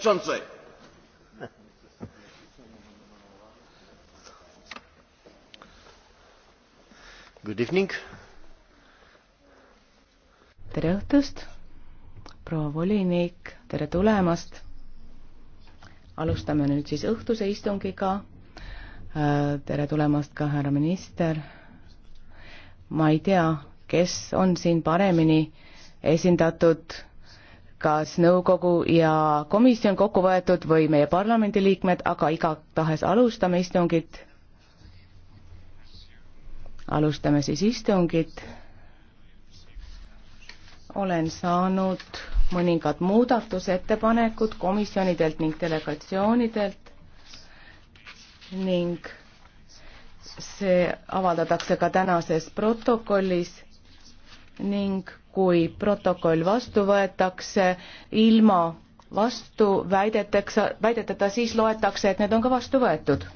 przewodniczący! tere õhtust, proua volinik, tere tulemast. alustame nüüd siis õhtuse istungiga. Äh, tere tulemast ka härra minister. ma ei tea, kes on siin paremini esindatud kas nõukogu ja komisjon kokku võetud või meie parlamendiliikmed, aga igatahes alustame istungit. alustame siis istungit. olen saanud mõningad muudatusettepanekud komisjonidelt ning delegatsioonidelt ning see avaldatakse ka tänases protokollis ning kui protokoll vastu võetakse ilma vastuväideteks, väideteta, siis loetakse, et need on ka vastu võetud